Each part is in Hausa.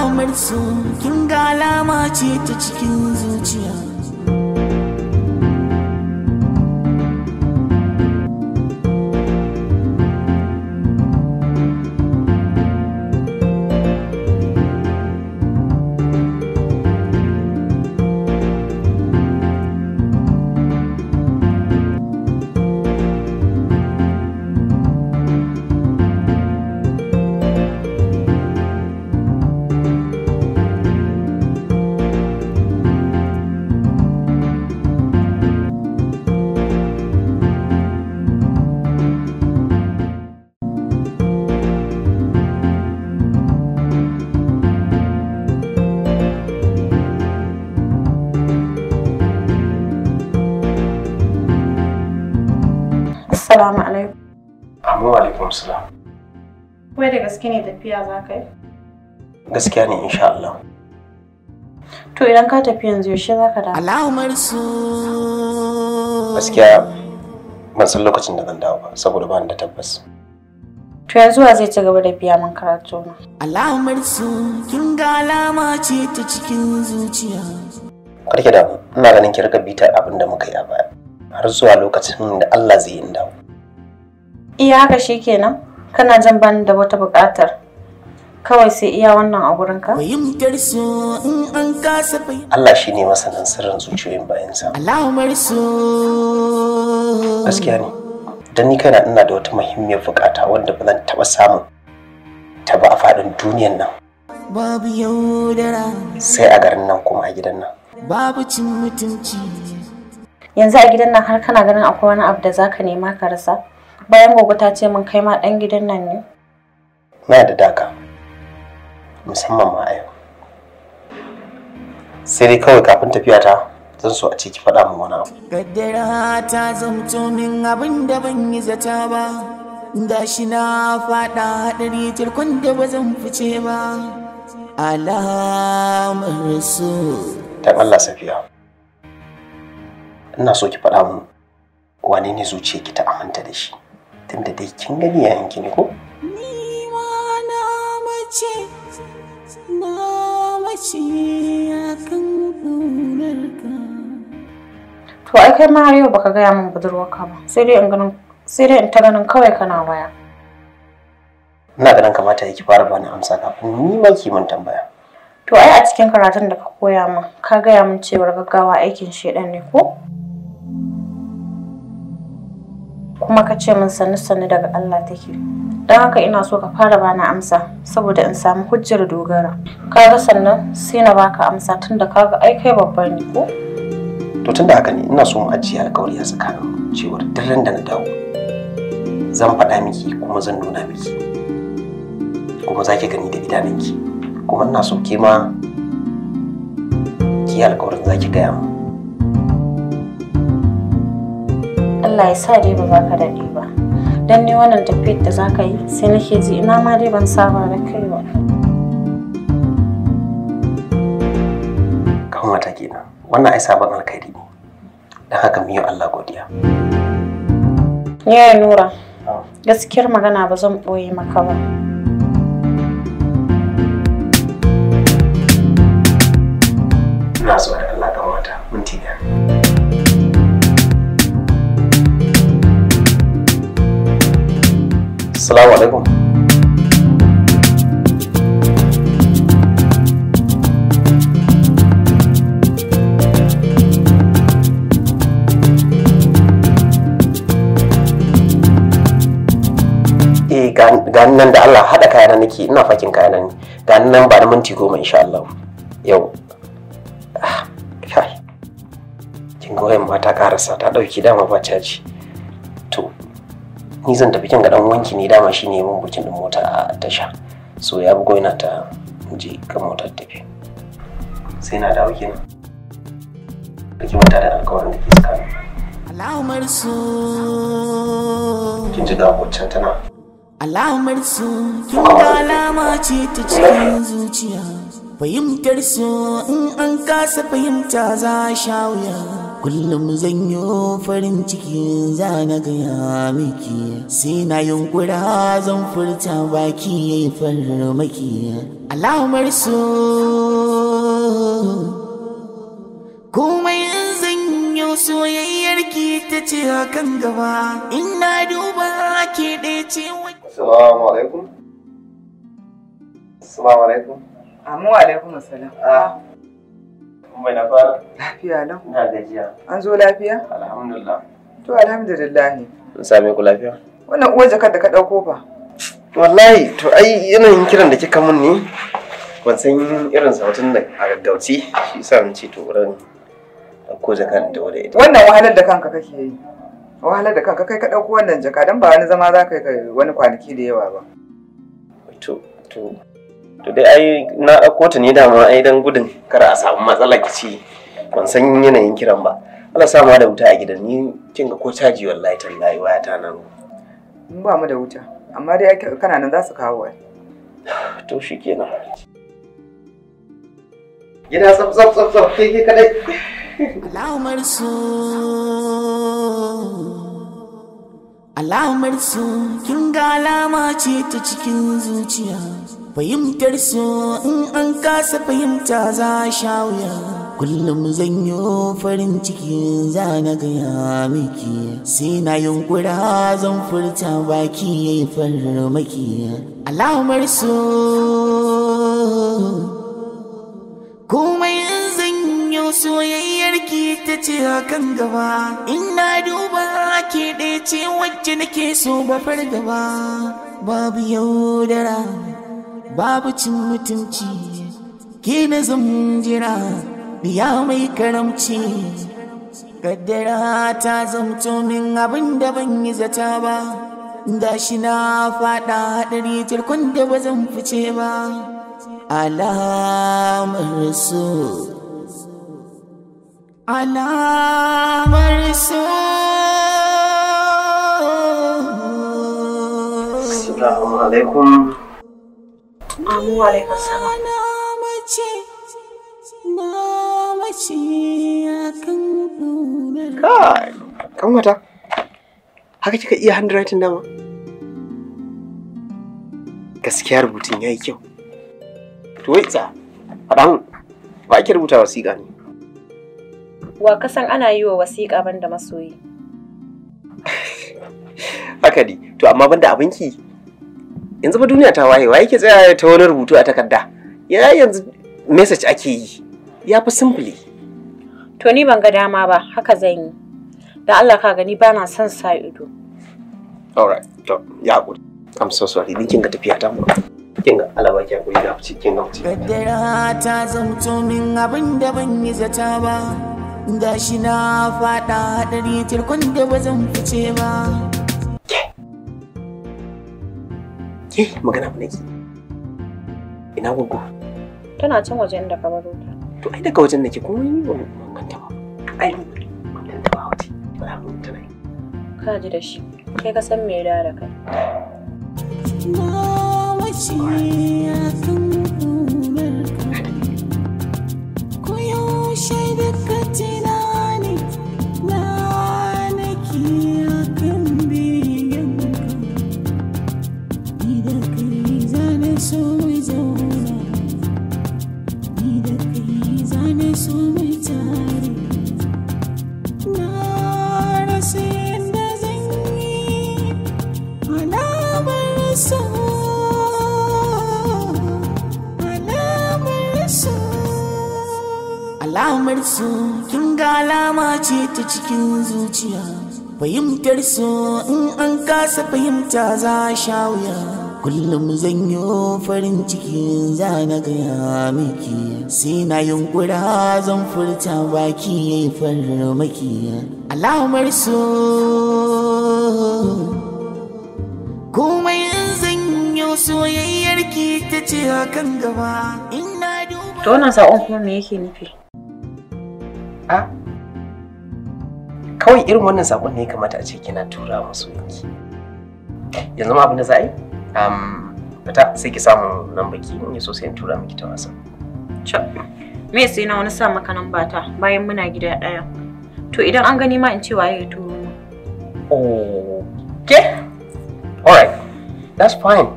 alamar su kin ga ce ta cikin zuciya gaske ne tafiya za ka yi? Gaskiya ne insha Allah. To idan ka tafi yanzu yaushe za ka dawo? su. Gaskiya ban san lokacin da zan dawo ba saboda ba ni da tabbas. To yanzu wa zai ci gaba da biya min karatu na? Allahumar su kin ga alama ce ta cikin zuciya. Karki da ina ganin ki rika bitar abin da muka yi a baya har zuwa lokacin da Allah zai yi dawo. Iya haka shi kenan, kana jan bani da wata buƙatar kawai sai iya wannan a gurin ka? Allah shi ne masanin sirrin zuciyoyin bayansa. sa. Gaskiya ne, Dan ni kaina ina da wata muhimmiyar buƙata wanda ba zan taɓa samu ta ba a faɗin duniyan nan. Babu yaudara. Sai a garin nan kuma a gidan nan. Babu cin mutunci. Yanzu a gidan nan har kana ganin akwai wani abu da zaka nema ka rasa? bayan gogo ta ce min kai ma ɗan gidan nan ne? Na da daka, musamman ma Sai dai kawai kafin tafiya ta zan so a ce ki faɗa min wani abu. Gaddara ta zamto min abin da ban yi zata ba, da shi na faɗa haɗari tirkun da ba zan fice ba. Alamar su. ta Allah Safiya, ina so ki faɗa min wane ne zuciyarki ta aminta da shi. tunda dai kin gani yayin ki ko ni ma na mace na mace kan daular ka to ai kai ma har yau baka gaya min budurwarka ba sai dai in ganin sai dai in ta ganin kawai kana waya ina ganin kamata yake fara bani amsa kafin ni ma ki mun tambaya to ai a cikin karatun da ka koya ma ka gaya min cewar gaggawa aikin shedan ne ko kuma ka ce min sannu sannu daga Allah take don haka ina so ka fara bana amsa saboda in samu hujjar dogara Ka ga sannan sai na baka amsa tunda kaga ai kai babban ne ko to tunda haka ne ina so mu ajiye alƙawari a tsakanin cewar duk da na dawo zan faɗa miki kuma zan nuna miki kuma za ki gani da idanunki kuma ina so ke ma ki alƙawarin za ki gaya mu Allah ya sa dai ba za ka daɗe ba don ne wannan tafiyar da za ka yi sai nake ji ina ma dai ban saba da kai ba kan wata kenan wannan ai sabon alkhairi ne don haka miyo Allah godiya yaya nura ah. gaskiyar magana ba zan ɓoye maka ba na so Assalamu alaikum. Eh nan da Allah haɗa kayana nake ina fakin kayana ne ga nan ba da minti goma insha Allah yau ah, kin ga mata karasa ta ɗauki dama ba caji ni zan tafi kin ga dan wanki ne dama shine mun bukin din mota a tasha so ya bugo yana ta je ga motar tafi sai na dawo kin kike mata da alƙawarin da ke tsakanin Allahumar su kin ji da waccan tana Allahumar su kin ga alama ce ta cikin zuciya fahimtar su in an kasa fahimta za a sha wuya kullum zan yi farin ciki za na gaya miki sai na yunkura zan furta baki ya yi farmaki alamar su komai zan yi soyayyar ki ta ce kan gaba ina duba ke ɗaya ce Assalamu alaikum. Assalamu alaikum. Amu alaikum assalam. Ah, Mai na fara? Lafiya lau. Ina gajiya. An zo lafiya? Alhamdulillah. To alhamdulillah. Mun same ku lafiya? Wannan uwar jakar da ka ɗauko fa. Wallahi to ai yanayin kiran da kika mun ne ban san irin sautin da a gaggauci shi yasa mun ce to ran ɗauko jakar da wuri. Wannan wahalar da kanka kake yi. Wahalar da kanka kai ka ɗauko wannan jaka don ba wani zama za ka yi wani kwanaki da yawa ba. To to to dai ai na ɗauko ta ne dama ai dan gudun kar a samu matsala kici ban san yanayin kiran ba Allah sa ma da wuta a gidan ni kin ga ko caji wallahi tallahi waya ta nan mun ba mu da wuta amma dai kana nan za su kawo wai to kenan. yana tsaf tsaf tsaf tsaf kai kai kadai su, Alamar su kin ga alama ce ta cikin zuciya. fahimtar su in an kasa fahimta za sha wuya kullum zan yi farin ciki za na gaya miki sai na yunkura zan furta baki ya yi farmaki alamar su komai zan yi soyayyar ki ta ce hakan gaba ina duba ke ɗaya ce wacce nake so ba fargaba babu yaudara babu cin mutunci gina na zan jira biya mai karamci kaddara ta zamto min abin da ban yi zata ba da shi na fada hadari turkun da ba zan fice ba alamar su alamar su Assalamu alaikum Amu alaikum salam. Kai, kan mata. Haka kika iya handwriting dama? Gaskiya rubutun yayi kyau. To wai tsa, faɗa mun, ba ake rubuta wasiƙa ne. Wa kasan ana yi wa wasiƙa banda masoyi. Haka ne, to amma banda abinki yanzu ba duniya ta waye waye ke tsaya ta wani rubutu a takarda ya yanzu message ake yi ya fi simple to ni ban ga dama ba haka zan yi da Allah ka gani ba na son sa ido alright to ya ku i'm so sorry din kinga tafiya ta mu kinga Allah ba ki hakuri da ku cikin ga fice kaddara ta zamto min abin da ban yi zata ba gashi na fada hadari tilkun da bazan fice ba Eh, magana ba nake. Ina gugu Tana can waje inda ka baro ta. To ai daga wajen nake kuma ni ba mun ganta ba. Ai mun ganta ba waje. Ba mun tana. Ka ji da shi. Kai ka san me ya da kai. Mamaci ya san alamar su kin ga alama ce ta cikin zuciya fahimtar su in an kasa fahimta za a sha wuya kullum zan yi farin ciki za na gaya miki sai na yunkura zan furta baki ya yi farmaki alamar su komai zan yi soyayyar ki ta ce hakan gaba ina duba to wannan sa'on kuma me yake nufi a kawai irin wannan sakon ne ya kamata a ce kina tura musu yanki yanzu ma abin da za a yi Um, fita sai ki samu nan baki in yi sosai in tura miki ta wasa. Me sai na wani sa maka nan bata bayan muna gida ɗaya. To idan an gani ma in ce waye ya turo. Okay. Alright. That's fine.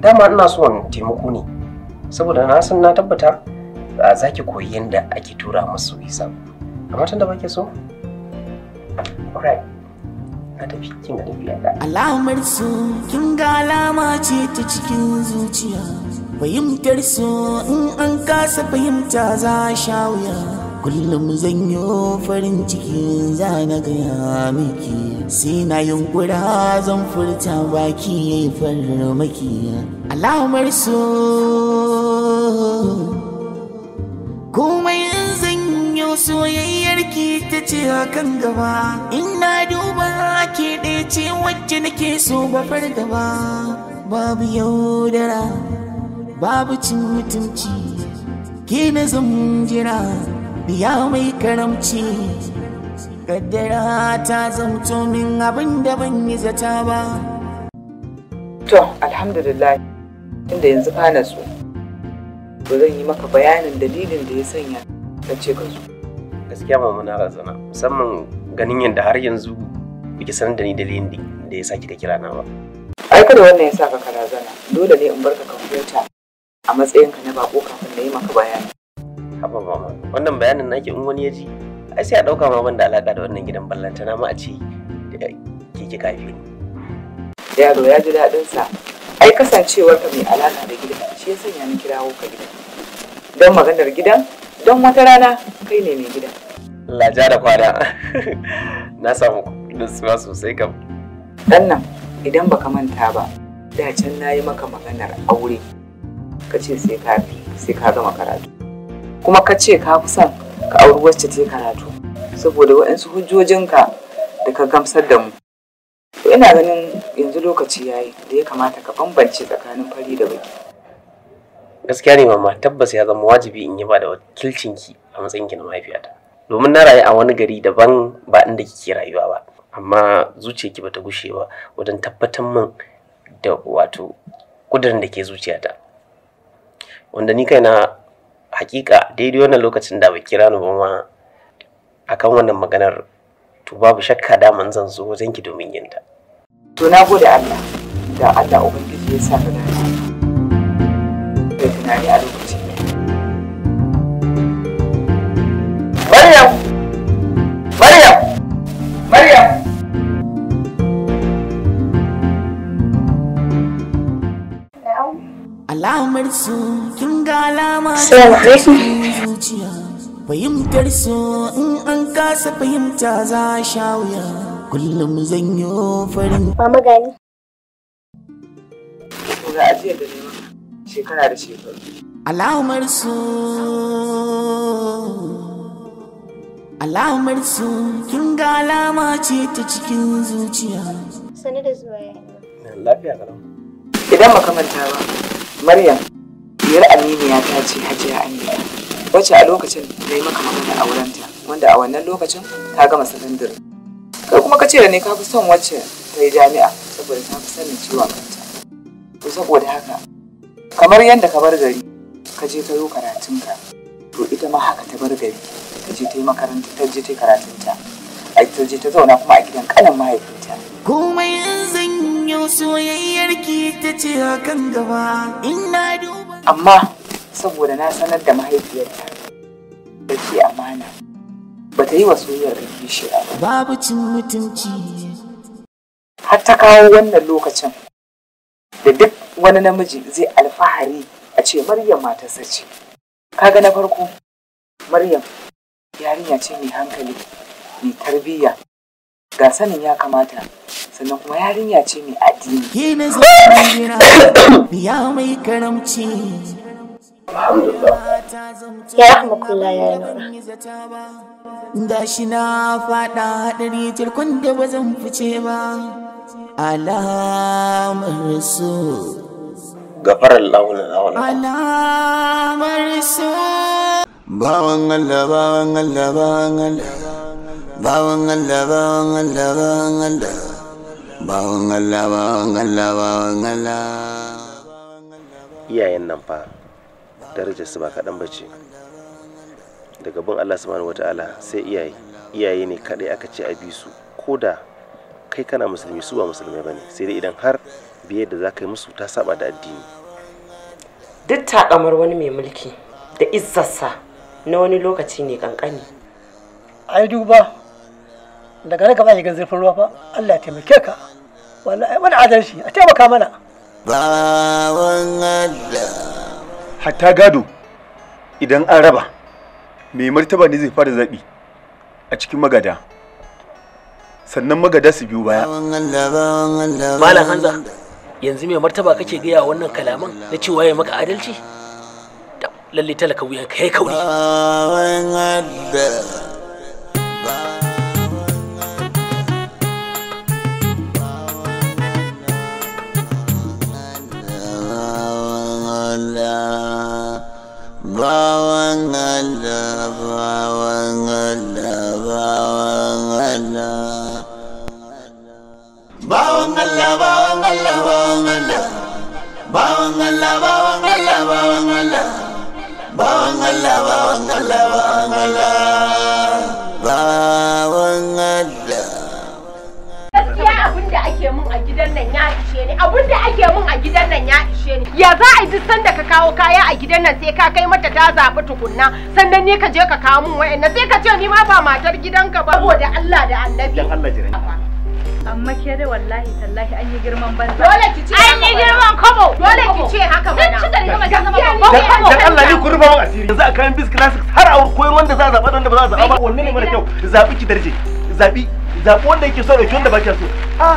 Dama ina so in taimako ne. Saboda na san na tabbata za ki koyi yadda ake tura musu isa. Amma tunda so? Alright. ka tafi kin alamar su kin ga alama ce ta cikin zuciya fahimtar su in an kasa fahimta za a sha wuya kullum zan yi farin ciki za na gaya miki sai na yunkura zan furta baki ya yi farmaki alamar su komai soyayyar ki ta ce hakan gaba ina duba ke ɗaya ce wacce nake so ba fargaba babu yaudara babu cin mutunci ke na zan jira biya mai karamci kaddara ta zamto min abin da ban yi zata ba to alhamdulillah tunda yanzu ka so to zan yi maka bayanin dalilin da ya sanya ka ce ka zo gaskiya ma na razana musamman ganin yadda har yanzu biki sanar da ni da lindi da ya sa kika kira na ba ai kada wannan ya sa ka razana dole ne in bar ka kwamfuta a matsayin ka na bako kafin na yi maka bayani haba mama wannan bayanin nake in wani ya ji ai sai a dauka ma ban da alaka da wannan gidan ballanta na ma a ce ke ki kafi yaro ya ji daɗin sa ai kasancewar ka mai alaka da gidan shi ya sanya ni kirawo ka gidan don maganar gidan don wata rana kai ne mai gidan laja da kwana na samu nutsuwa sosai kam dan nan idan baka manta ba da can na yi maka maganar aure ka ce sai ka fi sai ka gama karatu kuma ka ce ka fi son ka auri wacce ta karatu saboda waɗansu hujjojinka da ka gamsar da mu to ina ganin yanzu lokaci yayi da ya kamata ka bambance tsakanin fari da baki gaskiya ne mama tabbas ya zama wajibi in yi ba da wakilcinki a matsayin ki na mahaifiyata domin na rayu a wani gari daban ba inda kike rayuwa ba amma zuciyarki bata gushe ba wajen tabbatar min da wato kudirin da ke zuciyata wanda ni kaina hakika daidai wannan lokacin da bai kira ni ba ma akan wannan maganar to babu shakka daman zan zo wajen ki domin yin ta to na gode Allah da Allah ubangiji ya sa ni da tunani a lokacin alamar su kin zuciya fahimtar su in an kasa fahimta za a sha wuya kullum zan yi farin mama gani ajiyar da shekara da shekaru alamar su alamar su kin ga alama ce ta cikin zuciya sani da zuwa yayi lafiya idan makamanta ba Maryam, biyar Aminiya ta ce Hajiya Amina, wacce a lokacin da yi maka magana aurenta, wanda a wannan lokacin ta gama sakandare. Kai kuma ka ce da ne ka fi son wacce ta yi jami'a saboda ta fi sanin ciwon kanta. To saboda haka, kamar yadda ka bar gari, ka je ka yi karatunka, to ita ma haka ta bar gari, ta je ta yi makaranta, ta je ta yi karatunta. ta ta zauna kuma a gidan kanin mahaifinta komai zan yi soyayyar ki ta ce hakan gaba ina duba amma saboda na sanar da mahaifiyarta da ke amana ba ta yi wa soyayyar rage shi ba babu cin mutunci har ta kawo wannan lokacin da duk wani namiji zai alfahari a ce maryam matarsa ce kaga na farko maryam yarinya ce mai hankali mai tarbiyya ga sanin ya kamata sannan kuma yarinya ce mai addini ki ya mai karamci ya kuma kula ya da shi na fada hadari tilkun da ba zan fice ba alamar su gafarar launin awon alamar su bawan Allah bawan Allah bawan Allah bawan Allah bawan Allah bawan Allah bawan Allah bawan Allah iyayen nan fa darajar su ba bace daga bin Allah subhanahu wata'ala sai iyaye iyaye ne kaɗai aka ce a bi su ko da kai kana musulmi su ba musulmai bane sai dai idan har biyar da za ka yi musu ta saba da addini duk taƙamar wani mai mulki da izzarsa na wani lokaci ne kankani ai duba daga nan ka ba gan zurfin ruwa fa Allah ya taimake ka wallahi wani adalci a taimaka mana bawan Allah hatta gado idan an raba mai martaba ne zai fara zabi a cikin magada sannan magada su biyu baya malam hanza yanzu mai martaba kake gaya wannan kalaman na cewa ya maka adalci lalle talaka wuyan kai kauri bawan Allah bawan Allah bawan Allah bawan Allah bawan Allah bawan Allah bawan Allah bawan Allah bawan Allah bawan Allah bawan Allah bawan Allah bawan Allah gaskiya abin ake mun a gidan nan ya ne abin da ake mun a gidan nan ya ishe ni ya za a duk sanda ka kawo kaya a gidan nan sai ka kai mata ta zaɓi tukunna sannan ne ka je ka kawo mun wa'annan sai ka ce ni ma ba matar gidanka ba saboda Allah da annabi dan Allah jira amma ke da wallahi tallahi an yi girman banza dole ki ce an yi girman kobo dole ki ce haka mana sun ci gari gama zama babban dan Allah ni kurba mun asiri yanzu a kayan bis classics har a koyon wanda za a zaɓa wanda ba za a zaɓa ba wanne ne mara kyau zaɓi ki darje zaɓi zaɓi wanda yake so da wanda ba ke so ah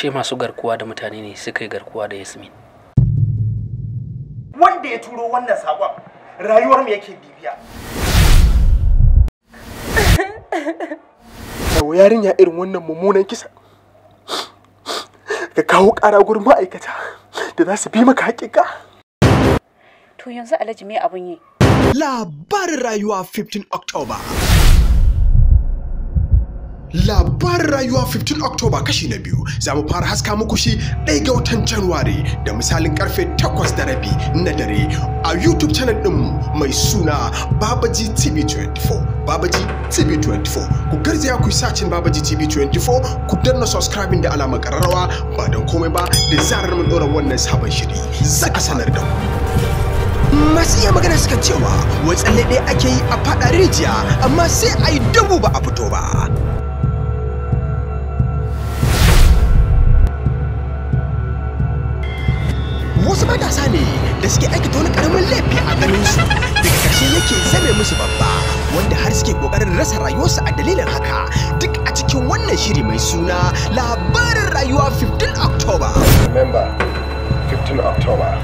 ashe masu garkuwa da mutane ne suka yi garkuwa da yasmin wanda ya turo wannan saƙon rayuwar mu yake bibiya yawo yarinya irin wannan mummunan kisa ka kawo ƙara gurin ma'aikata da za su bi maka haƙiƙa to yanzu alhaji me abun yi labarin rayuwa 15 october labarin rayuwa 15 Oktoba kashi na biyu za mu fara haska muku shi ɗaya ga watan Januwari da misalin karfe 8 da rabi na dare a YouTube channel ɗin mai suna Babaji TV 24. Babaji TV 24. Ku garzaya ku yi sacin Babaji TV 24 ku danna subscribing da alamar ƙararrawa ba don komai ba da zarar mun ɗora wannan sabon shiri. zaka sanar da ku. masu iya magana suka cewa wai tsalle ɗaya ake yi a faɗa rijiya amma sai a yi dubu ba a fito ba wasu matasa ne da suke aikata wani karamin laifi a ganin su daga ƙarshe yake zame musu babba wanda har suke ƙoƙarin rasa rayuwarsu a dalilin haka duk a cikin wannan shiri mai suna labarin rayuwa 15 October. Remember 15 October.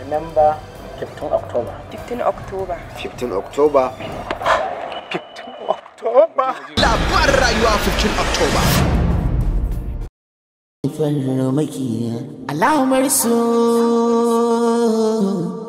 Remember 15 October. 15 October. 15 October. 15 October. Labarin rayuwa 15 October. farmaki Allahumma rasul